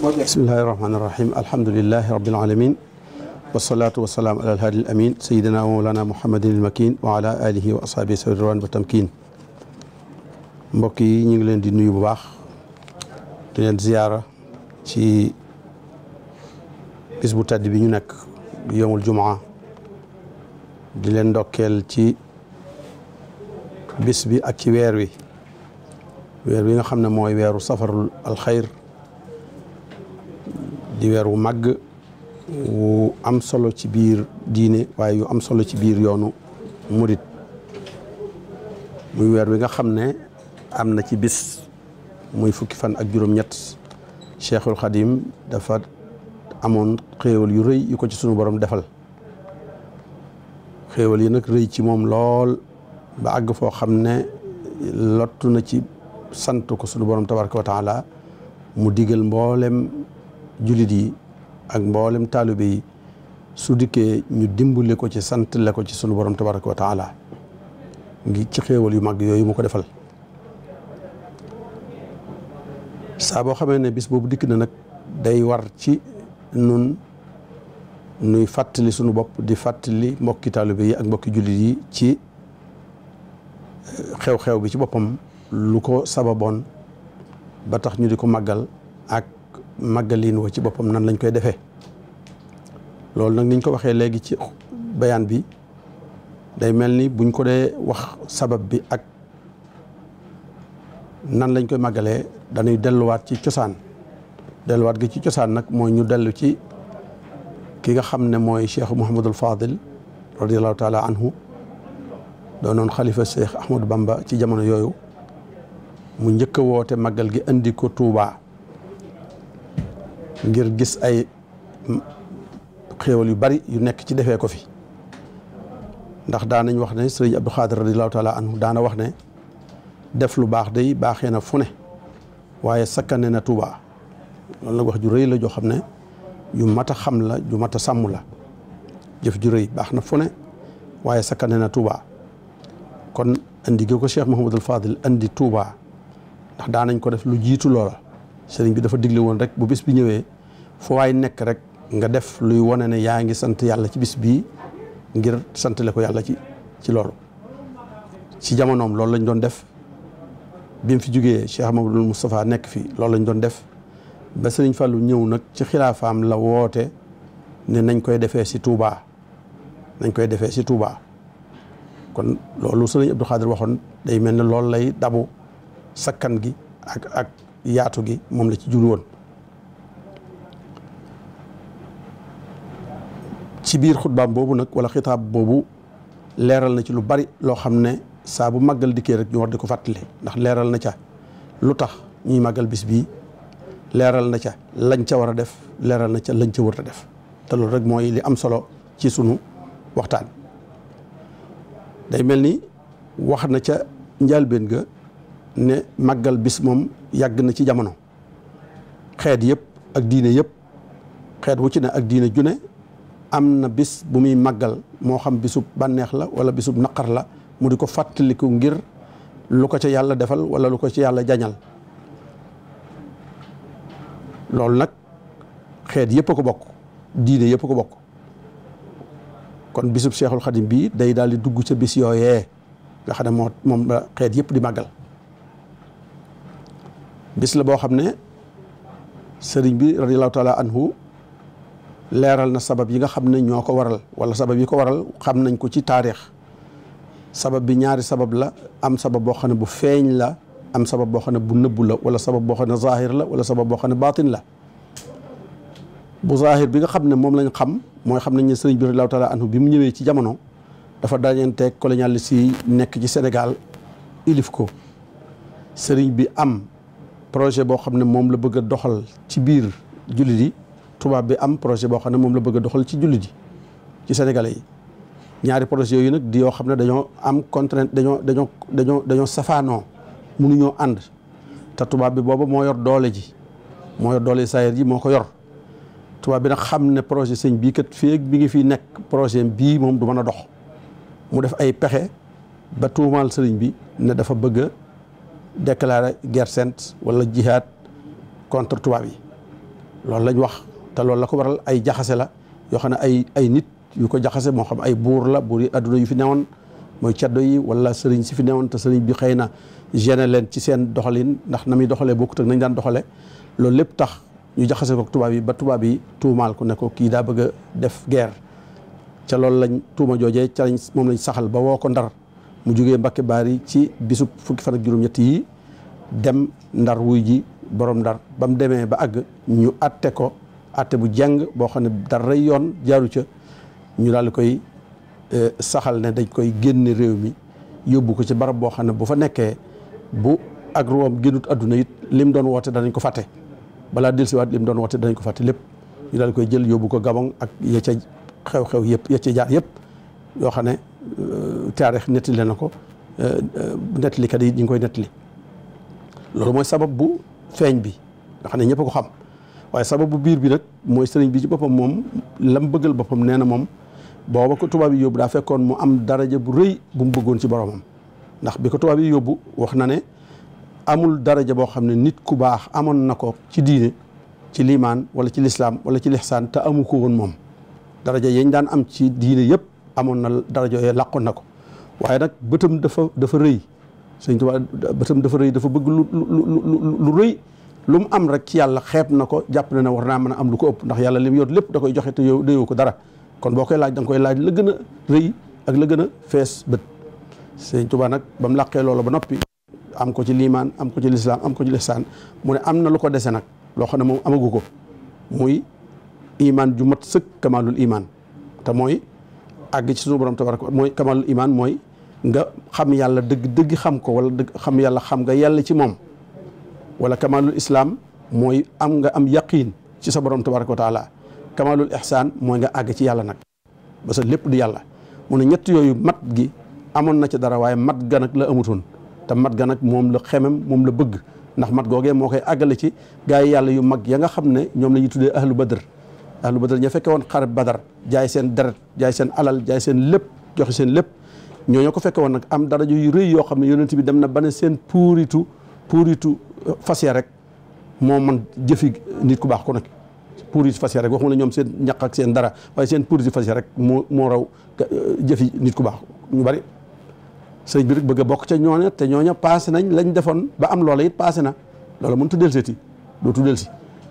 bismillahi rahmaani rahim alhamdulilahi rabbil alamin wasalaatu wasalaam ala alhaadi al amin sayidina wa mawlana muhammadin al makin wa ala alihi wa ashaabihi sawirwan ba tamkin mbokk yi ñu ngi leen di nuyu bu baax di leen ziyaara ci bis bu tàdd bi ñu nekk yowmul jumaa di leen ndokkeel ci bis bi ak ci weer wi weer wi nga xam ne mooy weeru safarul alxayr di weer wu màgg wu am solo ci biir diine waaye yu am solo ci biir yoonu murit muy weer wi nga xam ne am na ci bis muy fukki fan ak juróom-ñett Cheikhul Khadim dafa amoon xéewal yu rëy yu ko ci sunu borom defal xéewal yi nag rëy ci moom lool ba àgg foo xam ne lottu na ci sant ko sunu borom tabaraka wa mu digal mboolem jullit yi ak mboolem taalibe yi su dikkee ñu dimbale ko ci sant la ko ci sunu borom tabaraka wa taala ngi ci xewal yu mag yooyu mu ko defal saa boo xamee ne bis boobu dikk na nag day war ci nun nuy fàttali sunu bopp di fàttali mbokki taalibe yi ak mbokki jullit yi ci eh, xew-xew bi ci boppam lu ko sababoon ba tax ñu di ko màggal ak màggalin wa ci boppam nan lañ koy defe loolu nag niñ ko waxee léegi ci bayaan bi day mel ni buñ ko dee wax sabab bi ak nan lañ koy màggalee dañuy delluwaat ci cosaan delluwaat gi ci cosaan nag mooy ñu dellu ci ki nga xam ne mooy cheikh Mouhamadul Fadil radiallahu taala anhu doonoon xalifa cheikh Ahmadou Bamba ci jamono yooyu mu njëkk a woote màggal gi indi ko tuubaa ngir gis ay xéewal yu bari yu nekk ci defee ko fi ndax daanañ wax ne sëriñ Abdou Xaadir radiallahu taala anhu daana wax ne def lu baax day baaxee na fu waaye sakkane na Tuuba loolu nag wax ju rëy la joo xam ne ju mat a xam la ju mat a sàmm la jëf ju rëy baax na fu waaye sakkane na Tuuba kon andi gi ko Cheikh Mouhamadul Fadil andi Tuuba ndax daanañ ko def lu jiitu loola sëriñ bi dafa digle woon rek bu bis bi ñëwee fu waay nekk rek nga def luy wone ne yaa ngi sant yàlla ci bis bii ngir sant le ko yàlla ci ci loolu ci jamonoom loolu lañ doon def bim fi jógee Cheikh Mamadou Moustapha nekk fi loolu lañ doon def ba Sëriñ Fàllu ñëw nag ci xilaafaam la woote ne nañ koy defee si Touba nañ koy defee si Touba kon loolu Sëriñ Abdou Khadir waxoon day mel ne loolu lay dabu sakkan gi ak ak yaatu gi moom la ci jublu woon ci biir xutbaam boobu nag wala xitaab boobu leeral na ci lu bari loo xam ne saa bu màggal dikkee rek ñu war di ko fàttali ndax leeral na ca lu tax ñuy màggal bis bii leeral na ca lañ ca war a def leeral na ca lañ ca wërta def te loolu rek mooy li am solo ci sunu waxtaan day mel ni wax na ca njëlbéen ga ne màggal bis moom yàgg na ci jamono xeet yépp ak diine yépp xeet wu ci ne ak diine ju ne am na bis bu muy màggal moo xam bisub bànneex la wala bisub naqar la mu di ko fàttaliku ngir lu ko ca yàlla defal wala lu ko ci yàlla jañal loolu nag xeet yëpp ko bokk diine yëpp ko bokk kon bisub Seexul Xadim bii day daal di dugg ca bis yooyee nga xam ne moo moom la xeet yëpp di màggal bis la boo xam ne sëriñ bi radiallahu taala anhu leeral na sabab yi nga xam ne ñoo ko waral wala sabab yi ko waral xam nañ ko ci taarix sabab bi ñaari sabab la am sabab boo xam ne bu feeñ la am sabab boo xam ne bu nëbbu la wala sabab boo xam ne zahir la wala sabab boo xam ne baatin la bu zahir bi nga xam ne moom lañ xam mooy xam nañ ne sëriñ bi radiyallaahu taala anhu bi mu ñëwee ci jamono dafa dajanteeg colonialiste si nekk ci senegal ilif ko sëriñ bi am projet boo xam ne moom la bëgg a doxal ci biir jullit yi tubaab bi am projet boo xam ne moom la bëgg doxal ci jullit ji ci sénégalais yi ñaari projet yooyu nag di yoo xam ne dañoo am contrainte dañoo dañoo dañoo dañoo safaanoo mënuñoo ànd te tubaab bi boobu moo yor doole ji moo yor doole saayir ji moo ko yor tubaab bi nag xam ne projet sëñ bii kat feeg bi ngi fi nekk projet bii moom du mën a dox mu def ay pexe ba tuumaal sëriñ bi ne dafa bëgg a déclarer guerre sainte wala jihad contre tubaab yi loolu lañu wax te loolu la ko waral ay jaxase la yoo xam ne ay ay nit yu ko jaxase moo xam ay buur la buur yi adduna yu fi newoon mooy caddo yi wala sëriñ si fi newoon te sëriñ bi xëy na génne leen ci seen doxalin ndax na muy doxalee bokkut ak nañ daan doxalee loolu lépp tax ñu jaxase ko tubaab yi ba tubaab yi tuumaal ko ne kii daa bëgg a def guerre ca loolu lañ tuuma joojee ca lañ moom lañ saxal ba woo ko ndar mu jógee baar yi ci bisub fukki fan ak juróom-ñett yi dem ndar wuy ji borom ndar ba mu demee ba àgg ñu atte ko atte bu jeng boo xam ne dara yoon jaaru ca ñu daal di koy euh, saxal ne dañ koy génn réew mi yóbbu ko ci barab boo xam ne bu fa nekkee bu ak ruwam génnut adduna it lim doon woote danañ ko fàtte balaa dellusiwaat lim doon woote danañ ko fàtte lépp ñu daal koy jël yóbbu ko Gabon ak ya xew-xew yëpp ya ca jaar yëpp yoo xam ne euh, taarix nettali na ko euh, nettalikat yit ñu ngi koy nettali loolu mooy sabab bu feeñ bi nga xam ne ñëpp ko xam waaye sababu biir bi nag mooy sëriñ bi ci boppam moom lam bëggal boppam nee na moom booba ko tubaab yi yóbbu daa fekkoon mu am daraja bu rëy bu mu bëggoon ci boromam ndax bi ko tubaab yi yóbbu wax na ne amul daraja boo xam ne nit ku baax amoon na ko ci diine ci liimaan wala ci lislaam wala ci lixsaan te amu ko woon moom daraja yañ daan am ci diine yëpp amoon na daraja yee lakkoon na ko waaye nag bëtam dafa dafa rëy sëñ tubaab bëtam dafa rëy dafa bëgg rëy lu mu am rek ci yàlla xeeb na ko jàpp na ne war naa mën a am lu ko ëpp ndax yàlla li yoot lépp da koy joxe te yow ko dara kon boo koy laaj da nga koy laaj la gën a rëy ak la gën a fees bët sëñ Tuubaa nag ba mu làqee loola ba noppi am ko ci liimaan am ko ci lislaam am ko ci lisaan mu ne am na lu ko dese nag loo xam ne moom amagu ko muy imaan ju mat sëkk kamaalul imaan te mooy àgg ci suñu borom tabaraka mooy kamaalul imaan mooy nga xam yàlla dëgg dëgg xam ko wala dëgg xam yàlla xam nga yàlla ci moom wala kamalul islaam mooy am nga am yaqiin ci sa borom tabaraka wa taala kamalul ihsaan mooy nga àgg ci yàlla nag ba sa lépp di yàlla mu ne ñett yooyu mat gi amoon na ci dara waaye mat ga nag la amutoon te mat ga nag moom la xemem moom la bëgg ndax mat googee moo koy àggale ci gaa yi yàlla yu mag ya nga xam ne ñoom la ñuy tuddee ahlu badr ahlu badr ña fekke woon xare badar jaay seen deret jaay seen alal jaay seen lépp joxe seen lépp ñoo ñoo ko fekke woon nag am daraja yoo xam ne yonent bi dem na ba ne seen puuritu puuritu fas ya rek moo man jëfi nit ku baax ku nekk pourris fas ya rek waxuma la ñoom seen ñaq seen dara waaye seen pourris fas ya rek moo moo raw euh, jëfi nit ku baax ñu bari sëriñ bi rek bëgg a bokk ca ñooña te ñooña passé nañ lañ defoon ba am loola it passé na loola mënut a delluseeti dootu dellusi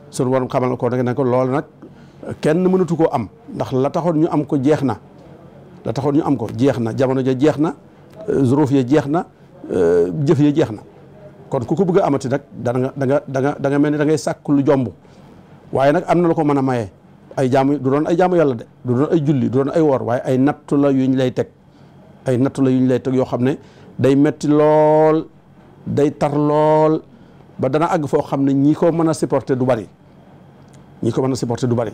sunu waroon xamal ko nag ne ko loola nag kenn mënatu koo am ndax la taxoon ñu am ko jeex na la taxoon ñu am ko jeex na jamono ja jeex na zuruuf euh, ya jeex na euh, jëf ya jeex na kon ku ko bëgg a amati nag danga da nga da mel ni da ngay sàkk lu jomb waaye nag am na la ko mën a maye ay jaamu du doon ay jaamu yàlla de du doon ay julli du doon ay woor waaye ay nattu la yuñ lay teg ay nattu la yuñ lay teg yoo xam ne day metti lool day tar lool ba dana àgg foo xam ne ñii ko mën a supporter du bari ñi ko mën a supporter du bari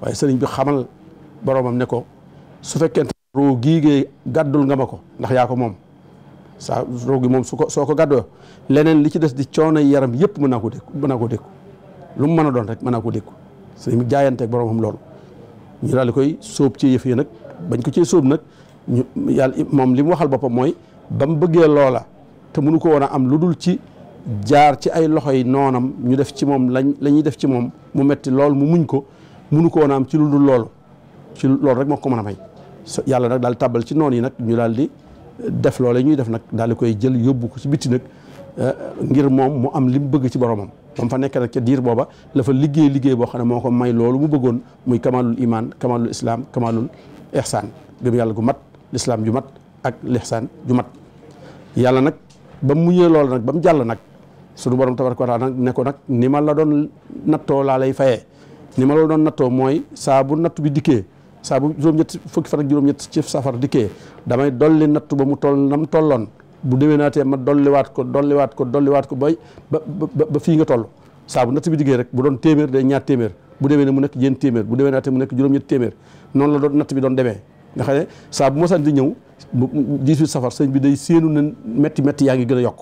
waaye sëriñ bi xamal boromam ne ko su fekkente roo gii gee gàddul nga ma ko ndax yaa ko moom saa roog gi moom su ko soo ko gàddoo leneen li ci des di coono yaram yëpp mën naa ko dékku mën naa ko dékku lu mu mën a doon rek mën naa ko dékku sëriñ bi jaayanteeg boroomam loolu ñu daal di koy sóob ci yëf nag bañ ko cee sóob nag ñu moom li waxal boppam mooy ba mu bëggee loola te mënu ko woon a am lu dul ci jaar ci ay loxo yi noonam ñu def ci moom lañ la ñuy def ci moom mu metti lool mu muñ ko munu ko woon a am ci lu dul loolu ci loolu rek moo ko mën a may yàlla nag daal tàbbal ci noon yi nag ñu daal di def loola ñuy def nag daal di koy jël yóbbu ko ci bitti nag eh, ngir moom mu am li mu bëgg ci boromam moom fa nekk nag ca diir booba la fa liggéey liggéey boo xam ne moo ko may loolu mu bëggoon muy kamalul imaan kamalul islaam kamalul ihsan gëm yàlla gu mat l'islam ju mat ak l'ihsan ju mat yàlla nag ba mu muñee loolu nag ba mu jàll nag suñu borom tabaraka wa taala nag ne ko nag ni ma la doon nattoo laa lay fayee ni ma la doon nattoo mooy saabu bu natt bi dikkee saa bu juróom-ñett fukki fan ak juróom-ñett ci safar dikkee damay dolli natt ba mu toll nam tolloon bu déwénaatee ma ko dolliwaat ko dolliwaat ko bay ba ba fii nga toll saa bu natt bi bu doon téeméer day ñaar téeméer bu déwénee mu nekk yéen bu déwénaatee mu nekk noonu la doon natt bi doon demee nga xam ne saa bu mosaan di ñëw dix-huit safar sëñ bi day séenu ne métti yaa ngi gën a yokk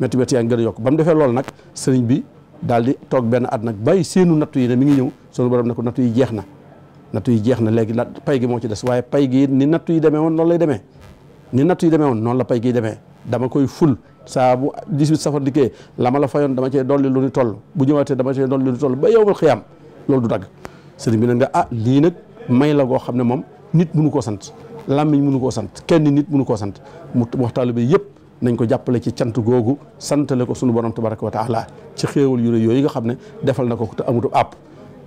métti métti gën a ba mu defee loolu nag sëriñ bi daal di toog benn at nag bay séenu natt yi ne mi ngi ñëw sunu borom ne ko natt yi jeex na nattu yi jeex na léegi la pay gi moo ci des waaye pay gi ni nattu yi demee woon noonu lay demee ni nattu yi demee woon noonu la pay gi demee dama koy ful saa bu 18 safar dikkee la ma la fayoon dama cee dolli lu ñu toll bu ñëwaatee dama cee dolli lu ñu toll ba yowmal xiyaam loolu du dagg sëriñ bi nag nga ah lii nag may la goo xam ne moom nit mënu koo sant làmmiñ mënu koo sant kenn nit mënu koo sant mu waxtaanu bi yëpp nañ ko jàppale ci cant googu santale ko sunu borom tabaraka wa taala ci xéewal yu rëy yooyu nga xam ne defal na ko te amutub àpp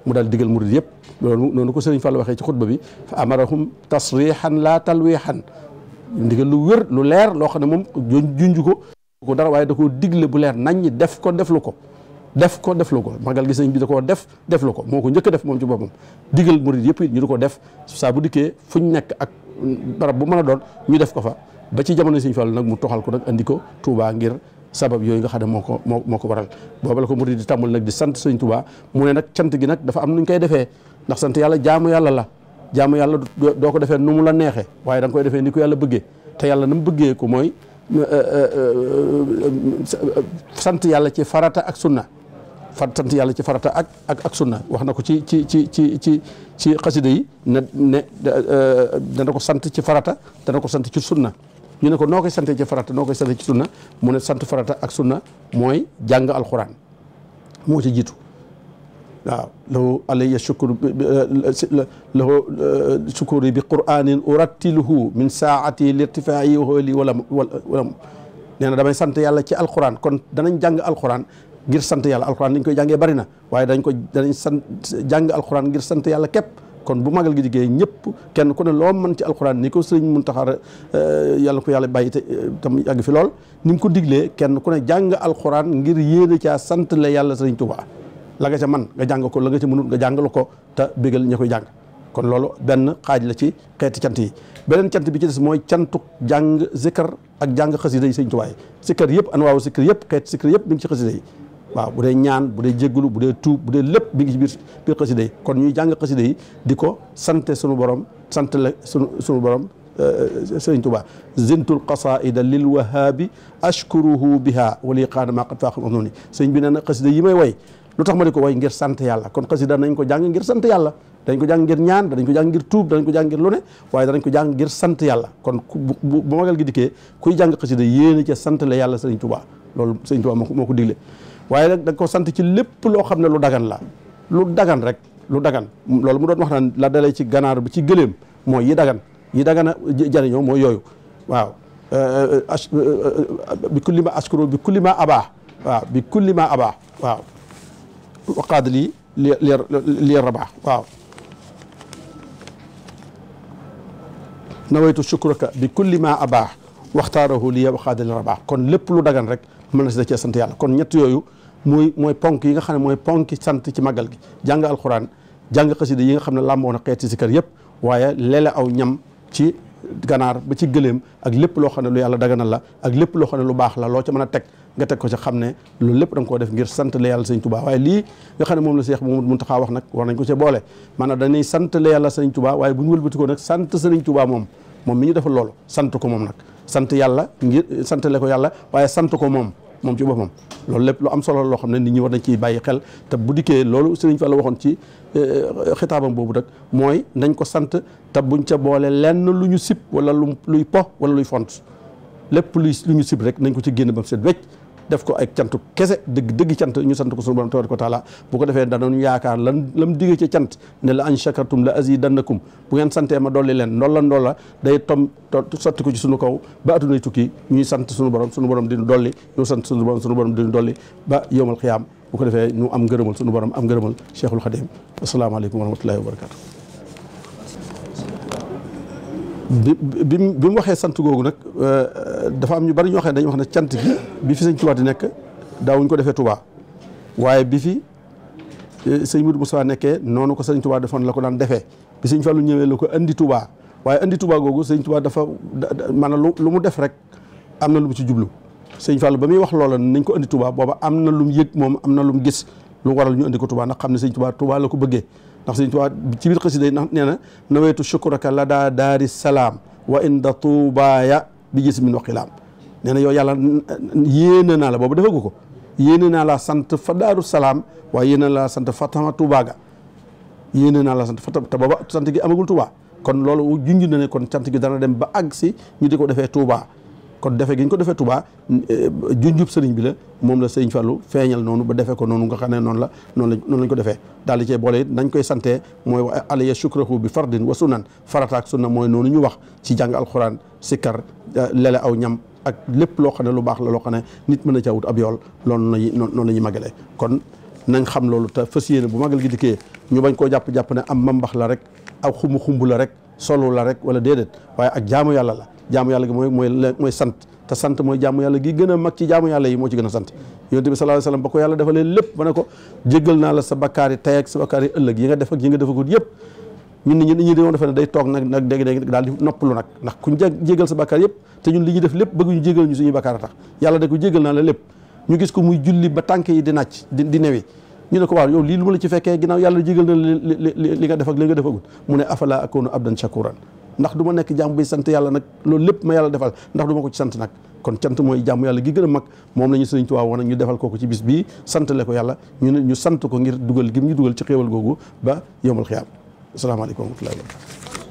mu daal digal murid yëpp loolu noonu ko sëriñ Fall waxee ci xutba bi fa amarahum tasrihan laa xan ndigal lu wér lu leer loo xam ne moom junj ko ko dara waaye da ko digle bu leer nañ ñi def ko deflu ko def ko deflu ko magal gi bi da koo def deflu ko moo ko njëkk def moom ci boppam digal murid yëpp it ñu di ko def saa bu dikkee fuñ nekk ak barab bu mën a doon ñu def ko fa ba ci jamono sëriñ Fall nag mu toxal ko nag indi ko tuubaa ngir sabab yooyu nga xam ne moo ko moo moo ko waral booba la ko murid di tàmbul nag di sant sëñ Tuubaa mu ne nag sant gi nag dafa am nuñ koy defee ndax sant yàlla jaamu yàlla la jaamu doo ko defee nu mu la neexe waaye da nga koy defee ni ko yàlla bëggee te yàlla na mu bëggee ko euh, euh, euh, sant yàlla ci farata ak sunna fa sant yàlla ci farata ak ak ak sunna wax na ko ci ci ci ci ci ci xasida yi ne ne dana ko sant ci farata dana ko sant ci sunna ñu ne ko noo koy sante ci farata noo koy sante ci sunna mu ne sant farata ak sunna mooy jàng alxuraan moo ci jiitu waaw lahu alayya shukru eh, lahu eh, shukuri bi quranin urattiluhu min saati lirtifai hooli wala na damay sant yàlla ci alxuraan kon danañ jàng alxuraan ngir sant yàlla alxuraan dañ koy jàngee bari na waaye dañ ko danañ sant jàng alxuraan ngir sant yàlla képp kon bu magal gi jigéen ñëpp kenn ku ne loo mën ci alxuraan ni ko sëriñ Muntaxa eh, yàlla ko yàlla bàyyi te eh, tam yàgg fi lool ni mu ko diglee kenn ku ne jàng alxuraan ngir yéene caa sant la yàlla sëriñ Tuubaa la nga ca man nga jàng ko la nga ca mënul nga jàngal ko te bégal ña koy jàng kon loolu benn xaaj la ci xeeti cant yi beneen cant bi ci des mooy cantu jàng zikar ak jàng xasida yi sëriñ Tuubaa yi zikar yëpp anwaawu zikar yëpp xeeti zikar yëpp mi ngi ci xasida y waaw bu dee ñaan bu dee jéggulu bu dee tuub bu dee lépp mi ngi ci biir biir xasida yi kon ñuy jàng xasida yi di ko sante sunu borom sant la sunu sunu borom euh, sëriñ Tuubaa zintul qasaida lil wahaabi ashkuruhu biha wali qaana maa qad faaxul anuni sëriñ bi nee na xasida yi may way lu tax ma di ko way ngir sant yàlla kon xasida nañ ko jàng ngir sant yàlla danañ ko jàng ngir ñaan danañ ko jàng ngir ko jàng ngir waaye danañ ko jàng ngir sant yàlla kon bu magal gi dikkee kuy jàng xasida yéene ca sant yàlla sëriñ Tuubaa loolu sëriñ Tuubaa moo ko moo ko digle waaye nag da nga ko sant ci lépp loo xam ne lu dagan la lu dagan rek lu dagan loolu mu doon wax naan la dalay ci ganaar bu ci gëléem mooy yi dagan yi dagan a jariñoo mooy yooyu waaw euh, euh, euh, bi kulli ma askuro bi kulli ma abaa waaw bi kulli ma abaa waaw waqaad lii li li rabaa waaw nawaytu shukraka bi kulli ma abaa waxtaarahu li waqaad li rabaa kon lépp lu dagan rek mën na si da cee sant yàlla kon ñett yooyu muy mooy ponk yi nga xam ne mooy ponk sant ci màggal gi jàng alxuraan jàng xasida yi nga xam ne làmboo na xeeti si kër yëpp waaye leele aw ñam ci ganaar ba ci gëléem ak lépp loo xam ne lu yàlla daganal la ak lépp loo xam ne lu baax la loo ca mën a teg nga teg ko ci xam ne loolu lépp da ko koo def ngir sant la yàlla sëñ Tuubaa waaye lii xam ne moom la Seex Mamadu Muntaxaa wax nag war nañ ko ci boole maanaam dañuy sant la yàlla sëñ Tuubaa waaye bu ñu ko nag sant sëriñ Tuubaa moom moom mi ñu defal loolu sant ko moom nag sant yàlla ngir santale ko yàlla waaye sant ko moom moom ci boppam loolu lépp lu am solo loo xam ne nit ñi war nañ ciy bàyyi xel te bu dikkee loolu Sëriñ Fallu waxoon ci eh, eh, xitaabam boobu rek mooy nañ ko sant te buñ ca boole lenn lu ñu sib wala lu luy po wala luy font lépp luy lu ñu sib rek nañ ko ci génn ba mu set wecc def ko ak cant kese dëgg dëgg cant ñu sant ko sunu borom tabaraka wa taala bu ko defee danañu yaakaar lan lam diggee ca cant ne la an shakartum la azidannakum bu ngeen santee ma dolli leen ndolla ndolla day tom sotti ko ci sunu kaw ba atunay tukki ñuy sant sunu borom sunu borom dinu dolli ñu sant sunu borom sunu borom dinu dolli ba yowmal xiyaam bu ko defee ñu am ngërëmal sunu borom am ngërëmal cheikhul xadim asalaamaaleykum wa rahmatullahi wa barakatu dafa am ñu bari ñoo xam ne dañuy wax ne cant gi bi fi sëñ Tuubaa di nekk daawuñ ko defee Tuubaa waaye bi fi eh, sëñ Mudu Musaa nekkee noonu ko sëñ Tuubaa defoon la ko daan defee bi sëñ Fallu ñëwee la ko andi tubaa waaye andi Tuubaa googu sëñ Tuubaa dafa maanaam lu mu def rek am na lu mu ci jublu sëñ Fallu ba muy wax loola nañ ko andi Tuubaa booba am na lu mu yëg moom am na lu mu gis lu waral ñu andi ko Tuubaa ndax xam ne sëñ Tuubaa Tuubaa la ko bëggee ndax sëñ Tuubaa ci biir xasida yi ndax nee na nawetu shukraka la daa daari salaam wa bi gis min waqilaam nee na yow yàlla yéene naa la boobu defagu ko yéene naa la sant fa daaru salaam waaye yéene naa laa sant fa tama Tuubaa naa la sant fa te booba sant gi amagul Tuubaa kon loolu junj na ne kon sant gi dana dem ba àgg si ñu di ko defee Tuubaa kon defe gi ñu ko defee Touba euh, junjub sëriñ bi la moom la sëriñ Fallou feeñal noonu ba defee ko noonu nga xam ne noonu la noonu la ñu ko defee daal di cee boole it nañ koy santee mooy wax alaya shukrahu bi fardin wa sunan farataak na mooy noonu ñu wax ci jàng alxuraan sikkar euh, lele aw ñam ak lépp loo xam ne lu baax la loo xam ne nit mën na caa wut ab yool loolu lañuy noonu la ñuy magalee kon nañ xam loolu te fas yéene bu magal gi dikkee ñu bañ koo jàpp-jàpp ne am mambax la rek ak xumbu xumbu la rek solu la rek wala déedéet waaye ak jaamu yàlla la jaamu yàlla gi mooy mooy mooy sant te sant mooy jaamu yàlla gi gën a ci jaamu yàlla yi moo ci gën a sant yonent bi sallallahu alayhi wasallam ba ko lépp ba ko jéggal naa la sa bakkaar yi tey ak sa bakkaar yi ëllëg yi nga def ak yi nga defagul yëpp ñun ñun ñu dañoo defe ne day toog nag nag dégg dégg daal di noppalu nag ndax kuñ jégal sa bakkaar yëpp te ñun li ñu def lépp bëgg ñu jégal ñu suñuy bakkaar a tax yàlla da ko jégal naa la lépp ñu gis ko muy julli ba tànk yi di nàcc di newi ñu ne ko waaw yow lii lu la ci fekkee ginnaaw yàlla jégal na li li nga def ak li nga defagul mu ne afala akunu abdan shakuran ndax du ma nekk jàmm bi sant yàlla nag loolu lépp ma yàlla defal ndax du ma ko ci sant nag kon sant mooy jàmm yàlla gi gën mag moom la ñu sëriñ Tuubaa woon ñu defal kooku ci bis bii santale ko yàlla ñu ne ñu sant ko ngir dugal gim ñu dugal ci xéewal googu ba yowmal xiyaam asalaamaaleykum wa rahmatullahi